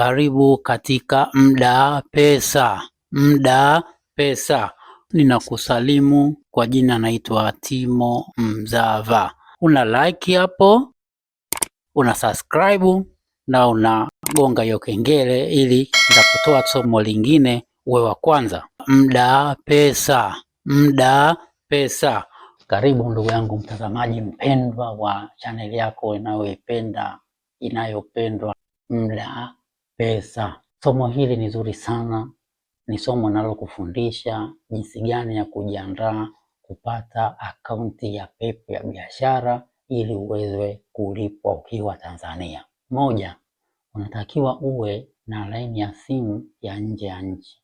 Karibu katika mda pesa, mda pesa. Ninakusalimu kwa jina, naitwa Timo Mzava. Una like hapo, una subscribe na unagonga hiyo kengele, ili nitakutoa somo lingine uwe wa kwanza. Mda pesa, mda pesa. Karibu ndugu yangu mtazamaji mpendwa wa chaneli yako inayoipenda inayopendwa Mda pesa. Somo hili ni zuri sana, ni somo linalokufundisha jinsi gani ya kujiandaa kupata akaunti ya pepo ya biashara ili uweze kulipwa ukiwa Tanzania. Moja, unatakiwa uwe na laini ya simu ya nje ya nchi.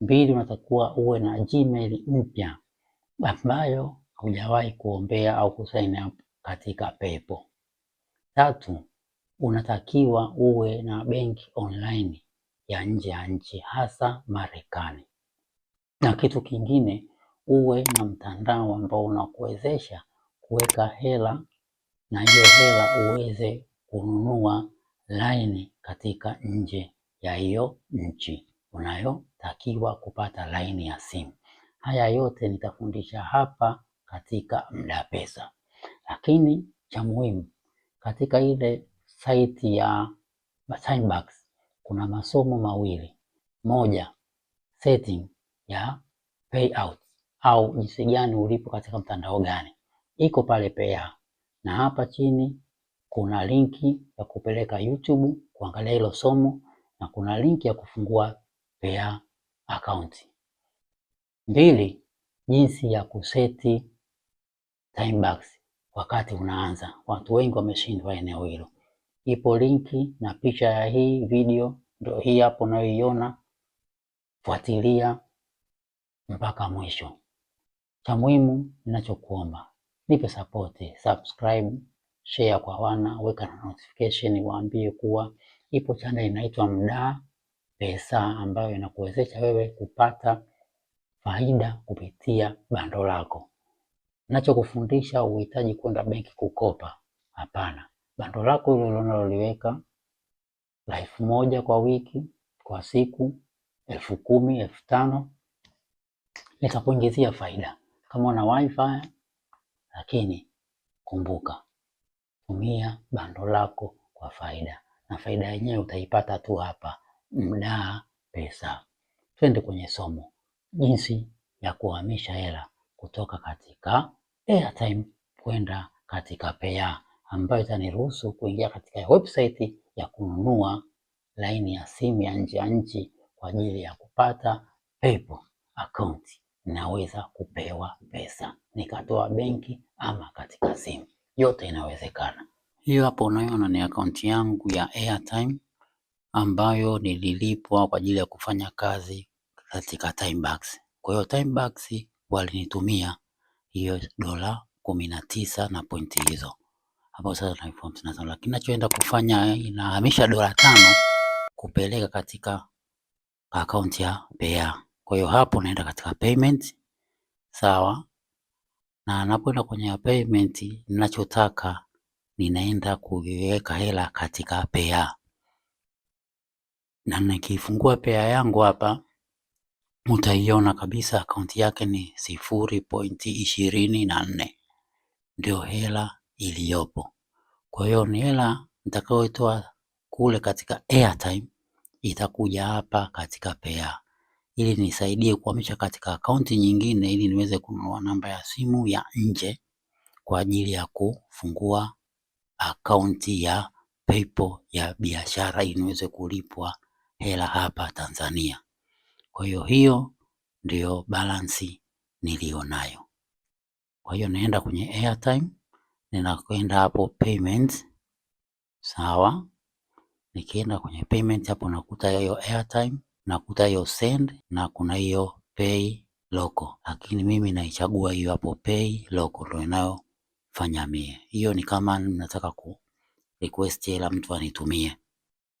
Mbili, unatakiwa uwe na Gmail mpya ambayo hujawahi kuombea au kusign up katika pepo. Tatu, unatakiwa uwe na benki online ya nje ya nchi, hasa Marekani. Na kitu kingine, uwe na mtandao ambao unakuwezesha kuweka hela na hiyo hela uweze kununua laini katika nje ya hiyo nchi unayotakiwa kupata laini ya simu. Haya yote nitafundisha hapa katika mda pesa, lakini cha muhimu katika ile saiti ya Timebox kuna masomo mawili. Moja, setting ya payout au jinsi gani ulipo katika mtandao gani, iko pale pea, na hapa chini kuna linki ya kupeleka YouTube kuangalia hilo somo na kuna linki ya kufungua pea account. Mbili, jinsi ya kuseti Timebox wakati unaanza. Watu wengi wameshindwa eneo hilo ipo linki na picha ya hii video ndio hii hapo unayoiona. Fuatilia mpaka mwisho. Cha muhimu ninachokuomba, nipe sapoti, subscribe, share kwa wana, weka na notification, waambie kuwa ipo chanda inaitwa Mdaa Pesa ambayo inakuwezesha wewe kupata faida kupitia bando lako. Nachokufundisha uhitaji kwenda benki kukopa, hapana bando lako hilo unaloliweka la elfu moja kwa wiki, kwa siku, elfu kumi, elfu tano litakuingizia faida kama una wifi. Lakini kumbuka, tumia bando lako kwa faida, na faida yenyewe utaipata tu hapa mdaa pesa. Twende kwenye somo jinsi ya kuhamisha hela kutoka katika airtime kwenda katika pea ambayo itaniruhusu kuingia katika website ya kununua laini ya simu ya nje ya nchi kwa ajili ya kupata PayPal account, naweza kupewa pesa nikatoa benki ama katika simu, yote inawezekana. Hiyo hapo unaiona ni akaunti yangu ya Airtime ambayo nililipwa kwa ajili ya kufanya kazi katika Timebox. Kwa hiyo Timebox walinitumia hiyo dola kumi na tisa na pointi hizo ambayo sasa tuna elfu lakini nachoenda kufanya inahamisha dola tano kupeleka katika akaunti ya payer. Kwa hiyo hapo naenda katika payment, sawa na napoenda kwenye payment, ninachotaka ninaenda kuiweka hela katika payer, na nikifungua payer yangu hapa utaiona kabisa akaunti yake ni sifuri pointi ishirini na nne ndio hela iliyopo. Kwa hiyo ni hela nitakayoitoa kule katika airtime itakuja hapa katika pea ili nisaidie kuhamisha katika akaunti nyingine ili niweze kununua namba ya simu ya nje kwa ajili ya kufungua akaunti ya PayPal ya biashara ili niweze kulipwa hela hapa Tanzania. Kwa hiyo hiyo ndiyo balansi nayo Kwa hiyo naenda kwenye airtime ninakwenda hapo payments, sawa. Nikienda kwenye payment hapo nakuta hiyo airtime, nakuta hiyo send na kuna hiyo pay local, lakini mimi naichagua hiyo hapo pay local ndio inayofanya mie. Hiyo ni kama nataka ku request hela mtu anitumie,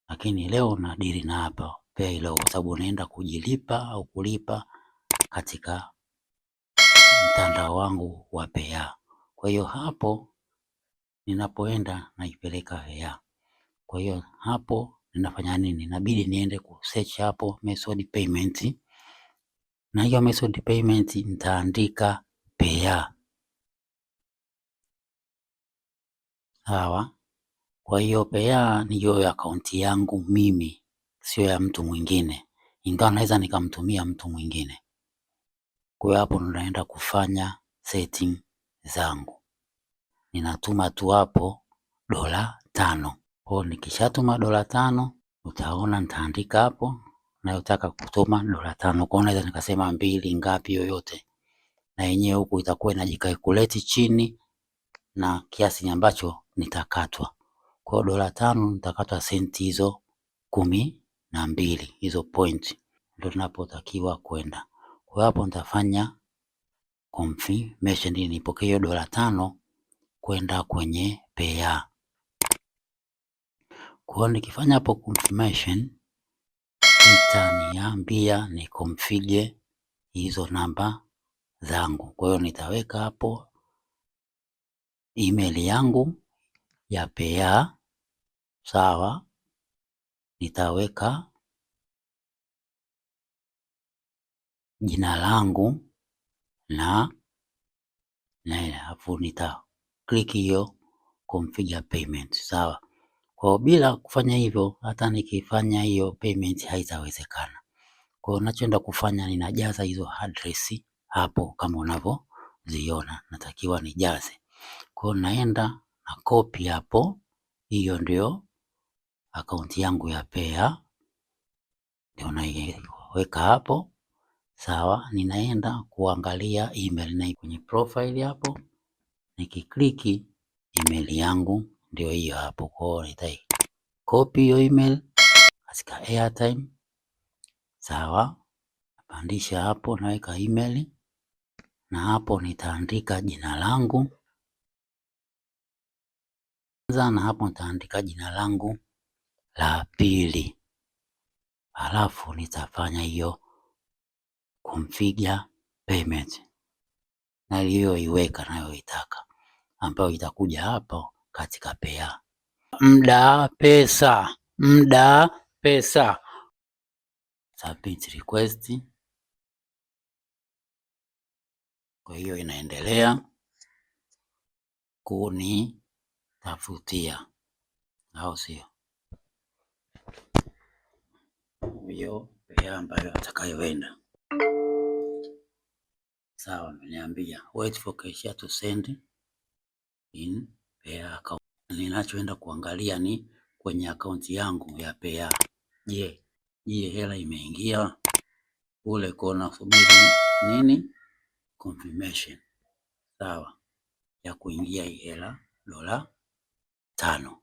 lakini leo na deal na hapa pay local, sababu naenda kujilipa au kulipa katika mtandao wangu wa pea. Kwa hiyo hapo ninapoenda naipeleka hea. Kwa hiyo hapo ninafanya nini? Inabidi niende ku search hapo method payment, na hiyo method payment nitaandika pea, sawa. Kwa hiyo pea ni hiyo akaunti yangu mimi, sio ya mtu mwingine, ingawa naweza nikamtumia mtu mwingine. Kwa hiyo hapo naenda kufanya setting zangu ninatuma tu hapo dola tano. Kwa nikishatuma dola tano, utaona nitaandika hapo nayotaka kutuma dola tano. Kwa naweza nikasema mbili ngapi yoyote, na yenyewe huku itakuwa inajikalkuleti chini na kiasi ambacho nitakatwa. Kwa dola tano nitakatwa senti hizo kumi na mbili, hizo point ndio tunapotakiwa kwenda. Kwa hapo nitafanya confirmation ili nipokee dola tano kwenda kwenye pair. Kwa nikifanya hapo confirmation, itaniambia nikonfige hizo namba zangu. Kwa hiyo nitaweka hapo email yangu ya pair, sawa. Nitaweka jina langu na na, alafu nita click hiyo configure payment sawa. Kwa bila kufanya hivyo, hata nikifanya hiyo payment haitawezekana. Kwa nachoenda kufanya ninajaza hizo address hapo, kama unavyoziona natakiwa nijaze. Kwa naenda na copy hapo, hiyo ndio akaunti yangu ya Payeer, ndio naiweka hapo sawa. Ninaenda kuangalia email na kwenye profile hapo Nikikliki email yangu ndio hiyo hapo, kwa hiyo nitai copy hiyo email katika airtime. Sawa, napandisha hapo, naweka email na hapo nitaandika jina langu kwanza, na hapo nitaandika jina langu la pili, halafu nitafanya hiyo configure payment na niliyoiweka nayoitaka ambayo itakuja hapo katika pea. Mda pesa, mda pesa, submit request. Kwa hiyo inaendelea kunitafutia, au sio? Hiyo pea ambayo atakayoenda Sawa, ameniambia wait for cashier to send in pay account. Ninachoenda kuangalia ni kwenye akaunti yangu ya pay. Je, je, hela imeingia? Ule kona subiri nini confirmation. Sawa, ya kuingia hii hela dola tano.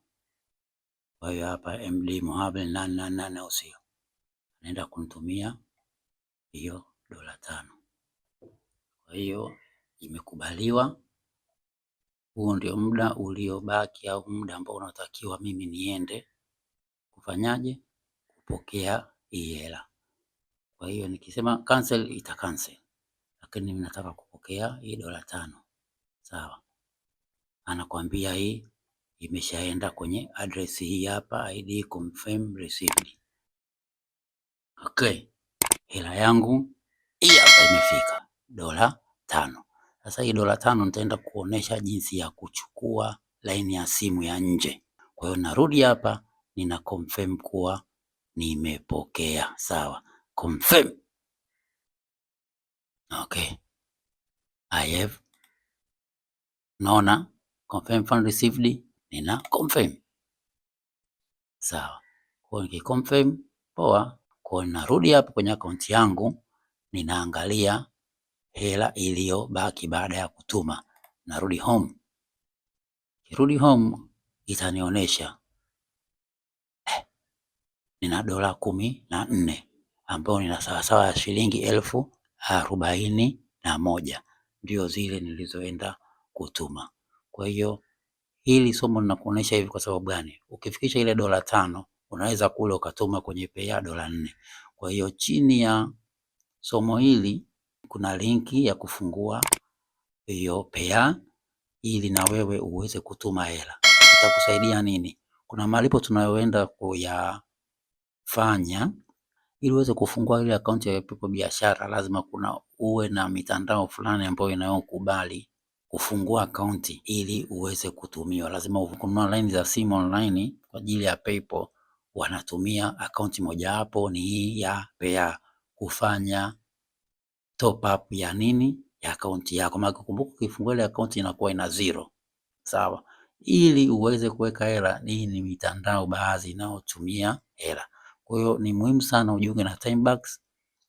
Kwa hiyo hapa MD Mohamed nani nani nani, usio naenda kunitumia hiyo dola tano. Kwa hiyo imekubaliwa, huu ndio muda uliobaki au muda ambao unatakiwa mimi niende kufanyaje, kupokea hii hela. Kwa hiyo nikisema cancel ita cancel, lakini nataka kupokea hii dola tano. Sawa, anakuambia hii imeshaenda kwenye address hii hapa, id confirm received. Okay, hela yangu hii hapa imefika dola tano. Sasa hii dola tano nitaenda kuonesha jinsi ya kuchukua laini ya simu ya nje. Kwa hiyo narudi hapa, nina confirm kuwa nimepokea. Sawa, confirm. Okay, I have naona confirm fund received, nina confirm. Sawa, kwa hiyo nikiconfirm, poa. Kwa hiyo narudi hapa kwenye akaunti yangu, ninaangalia hela iliyobaki baada ya kutuma, narudi home. Kirudi home itanionyesha eh, nina dola kumi na nne ambayo nina sawasawa ya shilingi elfu arobaini na moja ndio zile nilizoenda kutuma. Kwa hiyo hili somo linakuonyesha hivi. Kwa sababu gani? Ukifikisha ile dola tano unaweza kule ukatuma kwenye pea dola nne. Kwa hiyo chini ya somo hili kuna linki ya kufungua hiyo pea ili na wewe uweze kutuma hela. Itakusaidia nini? Kuna malipo tunayoenda kuyafanya ili uweze kufungua ile akaunti ya PayPal biashara, lazima kuna uwe na mitandao fulani ambayo inayokubali kufungua akaunti ili uweze kutumiwa. Lazima kununua line za simu online kwa ajili ya PayPal, wanatumia akaunti mojawapo ni hii ya Pea kufanya top up ya nini ya akaunti yako. Maana kumbuka, ukifungua ile akaunti inakuwa ina zero, sawa. Ili uweze kuweka hela, hii ni mitandao baadhi inayotumia hela. Kwa hiyo ni muhimu sana ujiunge na Timebox,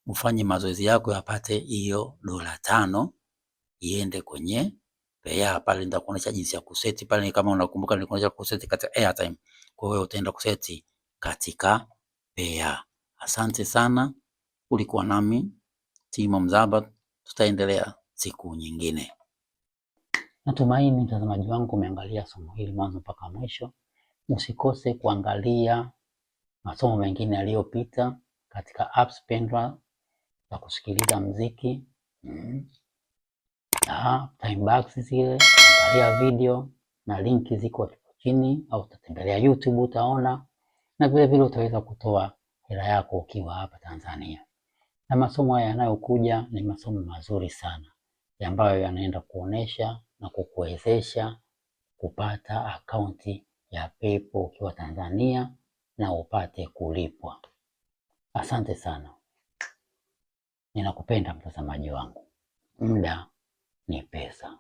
ufanye mazoezi yako yapate hiyo dola tano iende kwenye pay pea pale. Nitakuonesha jinsi ya kuseti pale, kama unakumbuka nilikuonesha kuseti katika airtime. Kwa hiyo utaenda kuseti katika pea. Asante sana, ulikuwa nami Timo Mzaba, tutaendelea siku nyingine. Natumaini mtazamaji wangu umeangalia somo hili mwanzo mpaka mwisho. Usikose kuangalia masomo mengine yaliyopita katika apps pendwa za kusikiliza mziki mm. box zile, angalia video na linki ziko hapo chini, au utatembelea YouTube utaona, na vilevile utaweza kutoa hela yako ukiwa hapa Tanzania na masomo haya yanayokuja ni masomo mazuri sana ambayo yanaenda kuonesha na kukuwezesha kupata akaunti ya PayPal ukiwa Tanzania na upate kulipwa. Asante sana, ninakupenda mtazamaji wangu. Muda ni pesa,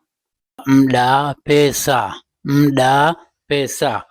muda pesa, muda pesa.